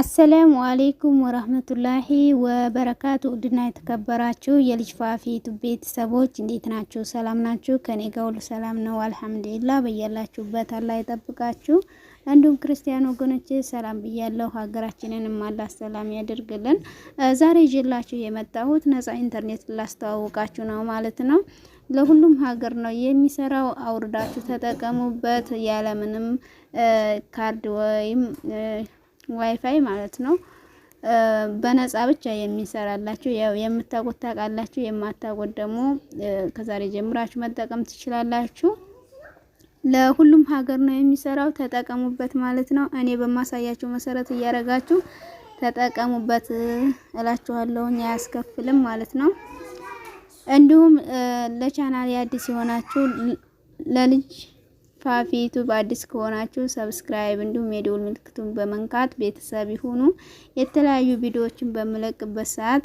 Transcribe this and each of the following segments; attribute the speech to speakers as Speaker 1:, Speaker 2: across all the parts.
Speaker 1: አሰላሙ አሌይኩም ወረህመቱላሂ ወበረካቱ። ውድና የተከበራችሁ የልጅ ፋፊ ቤተሰቦች እንዴት ናችሁ? ሰላም ናችሁ? ከኔ ጋር ሁሉ ሰላም ነው አልሐምዱሊላ። በያላችሁበት አላህ ይጠብቃችሁ። እንዲሁም ክርስቲያን ወገኖች ሰላም ብያለሁ። ሀገራችንንም አላህ ሰላም ያደርግልን። ዛሬ ይዤላችሁ የመጣሁት ነጻ ኢንተርኔት ላስተዋውቃችሁ ነው ማለት ነው። ለሁሉም ሀገር ነው የሚሰራው። አውርዳችሁ ተጠቀሙበት ያለምንም ካርድ ወይም ዋይፋይ ማለት ነው። በነጻ ብቻ የሚሰራላችሁ ያው የምታውቁት ታውቃላችሁ፣ የማታውቁት ደግሞ ከዛሬ ጀምራችሁ መጠቀም ትችላላችሁ። ለሁሉም ሀገር ነው የሚሰራው፣ ተጠቀሙበት ማለት ነው። እኔ በማሳያችሁ መሰረት እያደረጋችሁ ተጠቀሙበት እላችኋለሁ። አያስከፍልም ማለት ነው። እንዲሁም ለቻናል አዲስ የሆናችሁ ለልጅ ፋፊ ዩቱብ አዲስ ከሆናችሁ ሰብስክራይብ እንዲሁም የደውል ምልክቱን በመንካት ቤተሰብ ይሁኑ። የተለያዩ ቪዲዮዎችን በምለቅበት ሰዓት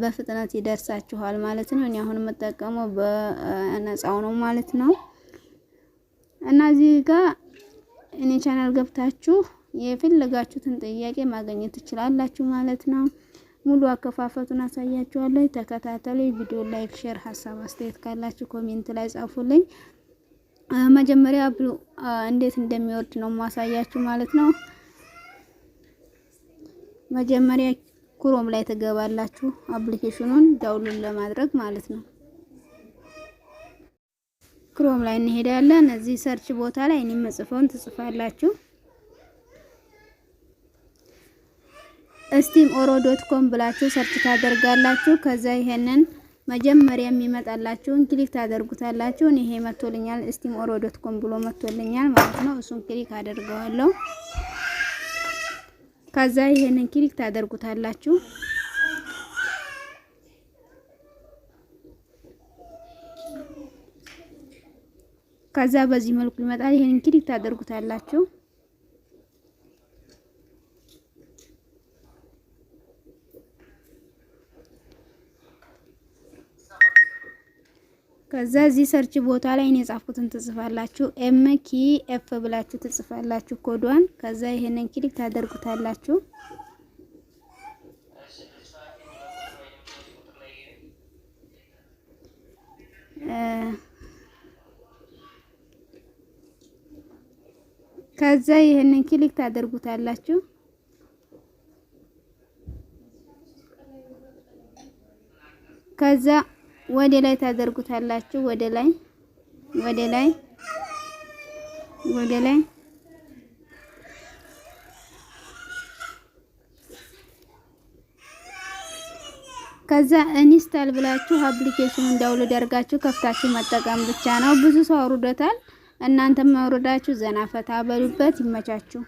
Speaker 1: በፍጥነት ይደርሳችኋል ማለት ነው። እኔ አሁን የምጠቀመው በነፃው ነው ማለት ነው እና እዚህ ጋር እኔ ቻናል ገብታችሁ የፈለጋችሁትን ጥያቄ ማግኘት ትችላላችሁ ማለት ነው። ሙሉ አከፋፈቱን አሳያችኋለሁ። ተከታተሉ። ቪዲዮ ላይክ፣ ሼር፣ ሀሳብ አስተያየት ካላችሁ ኮሜንት ላይ ጻፉልኝ። መጀመሪያ ብሉ እንዴት እንደሚወርድ ነው ማሳያችሁ ማለት ነው። መጀመሪያ ክሮም ላይ ትገባላችሁ፣ አፕሊኬሽኑን ዳውንሎድ ለማድረግ ማለት ነው። ክሮም ላይ እንሄዳለን። እዚህ ሰርች ቦታ ላይ እኔ መጽፈውን ትጽፋላችሁ። ስቲም ኦሮ ዶት ኮም ብላችሁ ሰርች ታደርጋላችሁ። ከዛ ይሄንን መጀመሪያ የሚመጣላችሁን ክሊክ ታደርጉታላችሁ። ይሄ መቶልኛል ስቲም ኦሮ ዶት ኮም ብሎ መቶልኛል ማለት ነው። እሱን ክሊክ አደርገዋለሁ። ከዛ ይሄንን ክሊክ ታደርጉታላችሁ። ከዛ በዚህ መልኩ ይመጣል። ይሄንን ክሊክ ታደርጉታላችሁ። ከዛ እዚህ ሰርች ቦታ ላይ እኔ የጻፍኩትን ትጽፋላችሁ። ኤም ኪ ኤፍ ብላችሁ ትጽፋላችሁ ኮዷን። ከዛ ይሄንን ክሊክ ታደርጉታላችሁ። ከዛ ይሄንን ክሊክ ታደርጉታላችሁ። ከዛ ወደ ላይ ታደርጉታላችሁ። ወደ ላይ ወደ ላይ ወደ ላይ ከዛ ኢንስታል ብላችሁ አፕሊኬሽኑን ዳውንሎድ አድርጋችሁ ከፍታችሁ መጠቀም ብቻ ነው። ብዙ ሰው አውርዶታል። እናንተም አውርዳችሁ ዘና ፈታ በሉበት። ይመቻችሁ።